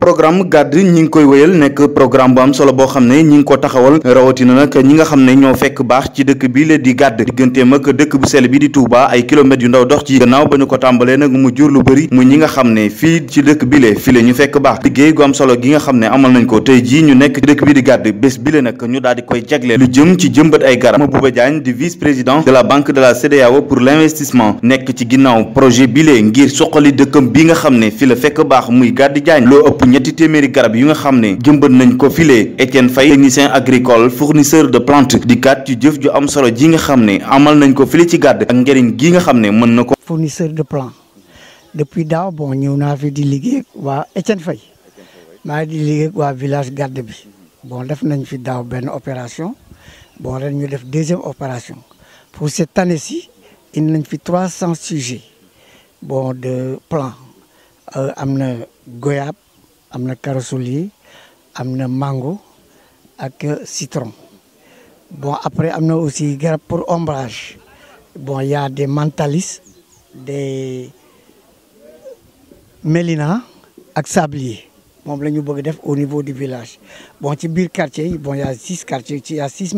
programme GAD ñi ngi koy wéyal nekk programme bu am solo boo xam ne ñi ngi ko taxawal rawatina nag ñi nga xam ne ñoo fekk baax ci dëkk bi la di GAD digganteem ak dëkk bu sell bi di Touba ay kilomètres yu ndaw dox ci gannaaw ba ñu ko tàmbalee nag mu jur lu bari mu ñi nga xam ne fii ci dëkk bi la fii la ñu fekk baax liggéey gu am solo gi nga xam ne amal nañ ko tey jii ñu nekk ci dëkk bi di GAD bés bi la nag ñu daal di koy jagle lu jëm ci jëmbat ay garab Mabouba Diagne di vice président la banque de la CEDEAO pour l'investissement nekk ci ginnaaw projet bi la ngir suqali bi nga xam ne fi la fekk baax muy GAD Diagne loo ëpp ñetti téeméeri garab yu nga xam ne jëmbat nañ ko file Etienne Faye technicien agricole fournisseur de plante di kat ci jëf ju am solo ji nga xam ne amal nañ ko file ci gàdd ak njëriñ gi nga xam ne mën na ko fournisseur de plante depuis daaw bon ñëw naa fi di liggéey waa Etienne Faye maa di liggéey waa village gàdd bi bon def nañ fi daaw benn opération bon ren ñu def deuxième opération pour cette année si indi nañ fi trois cents sujets bon de plants euh, am na goyab am na karosoli am na mango ak citron bon après am na aussi garab pour ombrage bon y a mantalis des mélina ak sablier moom la ñu bëgg def au niveau du village bon ci biir quartier yi bon y a six quartiers ci y a six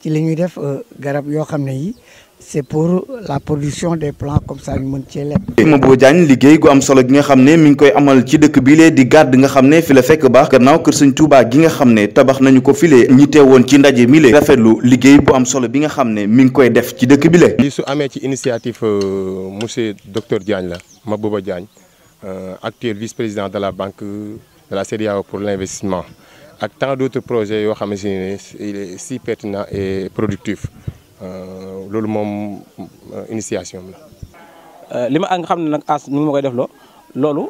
ci la ñuy def euh, garab yoo xam ne yi c'est pour la production des plan comme ça ñu mën cee lekk. Mabou Diagne liggéey gu am solo gi nga xam ne mi ngi koy amal ci dëkk bi lee di gàdd nga xam ne fi la fekk baax gannaaw kër sëñ Touba gi nga xam ne tabax nañu ko file ñi woon ci ndaje mi lee rafetlu liggéey bu am solo bi nga xam ne mi ngi koy def ci dëkk bi le lii su amee ci initiative euh, monsieur docteur Diagne la ma Mabouba Diagne euh, actuel vice-président de la banque de la CEDEAO pour l'investissement ak tant d'autres projets yoo xam ne si pertinent et Euh, loolu moom euh, initiation bi la. Euh, li ma nga xam ne nag ass mi ma koy def loo loolu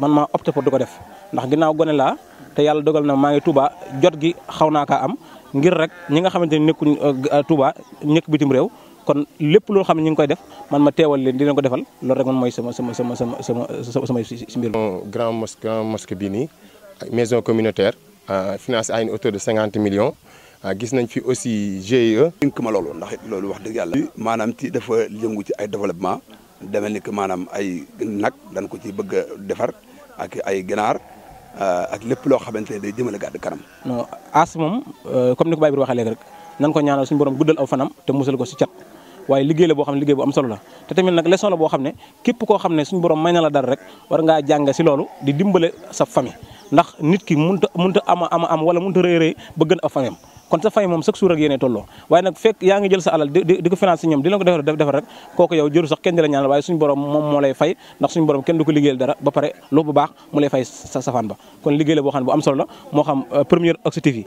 man maa opté pour di ko def ndax ginnaaw gone laa te yàlla dogal na maa ngi Touba jot gi xaw naa kaa am ngir rek ñi nga xamante ni nekkuñ ñekk nekk bitim réew. kon lépp loo xam ne ñu ngi koy def man ma teewal leen dina ko defal loolu rek man mooy sama sama sama sama sama sama si mbir grand mosquée grand mosquée bii nii maison communautaire financé à une hauteur de cinquante millions Ah, gis nañ fi aussi GIE. dénk ma loolu ndax loolu wax dëgg yàlla. maanaam ci dafa yëngu ci ay développement demel ni que maanaam ay nag dañ ko ci bëgg a defar ak ay ginaar ah, ak lépp loo xamante ne day jëmale gàdd kanam. non as moom euh, comme ni ko rek nan ko ñaanal suñu borom guddal aw fanam te musal ko si cat. waaye liggéey la boo xam ne liggéey bu am solo la te tamit nag leçon la boo xam ne képp koo xam ne suñu borom may na la dara rek war ngaa jàng si loolu di dimbale sa fami ndax nit ki mun a mënut a ama ama am wala mënut a rëy rëy ba gën a famille kon sa fay moom chaque jour ak yéene tolloo waaye nag fekk yaa ngi jël sa alal di di ko financé ñoom di la ko defar defar rek kooku yow jëru sax kenn di la ñaanal waaye suñu borom moom moo lay fay ndax suñu borom kenn du ko liggéeyal dara ba pare lu bu baax mu lay fay sa safaan ba kon liggéey boo xam ne bu am solo la moo xam euh, premier objectif yi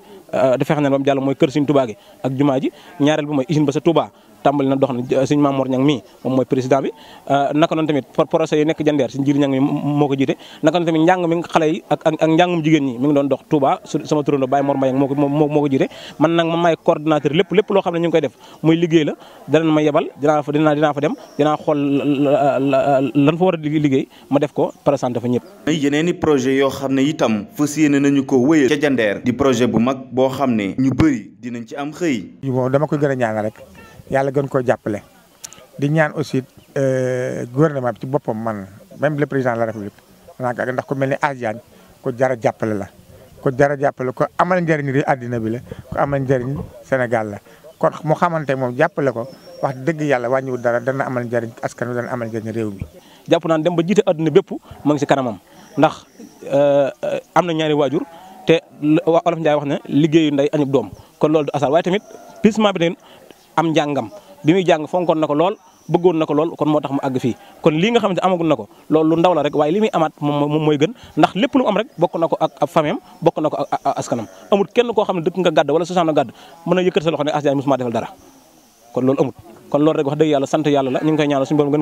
dafay xam ne ba jàll mooy kër suñ Touba gi ak jumaa ji ñaareel bi mooy usine ba sa tubaa tàmbali na dox na euh, suñ Mamour Niang mii moom mooy président bi euh, naka noonu tamit procès yi nekk jandeer suñ jiri Niang mi moo ko jiite naka noonu tamit njàng mi nga ak ak njàngum jigéen ñi mi ngi doon dox Touba sama turando Baye Mor moo ko moo ko jiite man nag ma may coordinateur lépp lépp loo xam ne ñu ngi koy def muy liggéey la danañ ma yebal dinaa fa dinaa dinaa fa dem dinaa xool lan fa war a liggéey ma def ko présenté fa ñëpp ay yeneen projet yoo xam ne itam fas yéene nañu ko wëyal ca jandeer di projet bu mag boo xam ne ñu bëri dinañ ci am xëy yàlla gën koo jàppale. di ñaan aussi euh, gouvernement bi ci boppam man même le président de la république maanaam ndax ku mel ni Aziane ko jar a jàppale la. ko jar a jàppale ko amal njëriñ ri àddina bi la ku amal njëriñ Sénégal la kon moo xamante moom jàppale ko wax dëgg yàlla wàññiwul dara dana amal njariñ askan wi dana amal njëriñ réew mi. jàpp naan dem ba jiite àddina bépp ma ngi si kanamam ndax euh, euh, am na ñaari waajur te Olof Ndiaye wax na liggéeyu ndey añub doom am njàngam bi muy jàng fonkoon na ko lool bëggoon na ko lool kon moo tax mu àgg fii kon lii nga xam ne amagul na ko loolu lu ndaw la rek waaye li muy amaat moom mooy gën ndax lépp lu mu am rek bokk na koo xam ne dëkk nga gàdd wala sosaano gàdd mën a yëkkat sa loxo ne Ass Diagne mosuma gën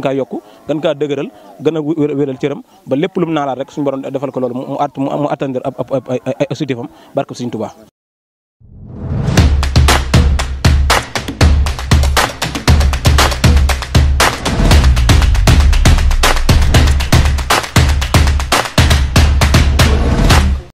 kaa yokku gën kaa dëgëral gën a wéral cëram ba lépp lu mu naalaat rek suñu borom defal ko loolu mu at mu attandir barke Sëriñ Tuubaa